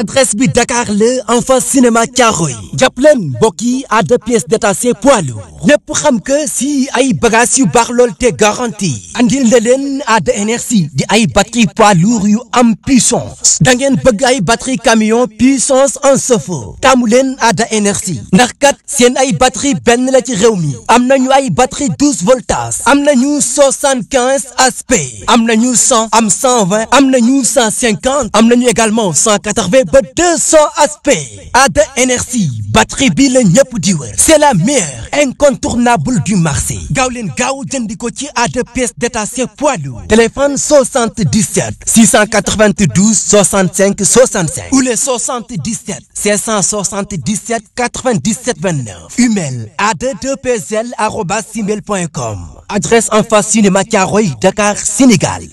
adresse bi Dakar la en face cinéma Thiaroye jàpp leen mbokk yi à deux pièces détachées poids lourd ñépp xam que si ay bagages yu baax lool te garantie andil na leen à de énergie di ay batterie poids lourd yu am puissance da ngeen bëgg ay batterie camion puissance en chevaux taamu leen à de énergie ndax kat seen ay batterie benn la ci réew mi am nañu ay batterie douze voltages am na ñu quinze aspect am nañu cent am cent vingt am nañu cent cinquante am nañu également cent quatre ba deux cents aspects Ada Energy batterie bi la ñëpp di wër c'est la meilleure incontournable du marché gaaw leen gaaw jëndi ko ci Ada pièces détachées poids lourd téléphone 77 692 65 65 ou le 77 577 97 29 email ada2psl arobas gmail.com adresse en face cinéma Thiaroye Dakar Sénégal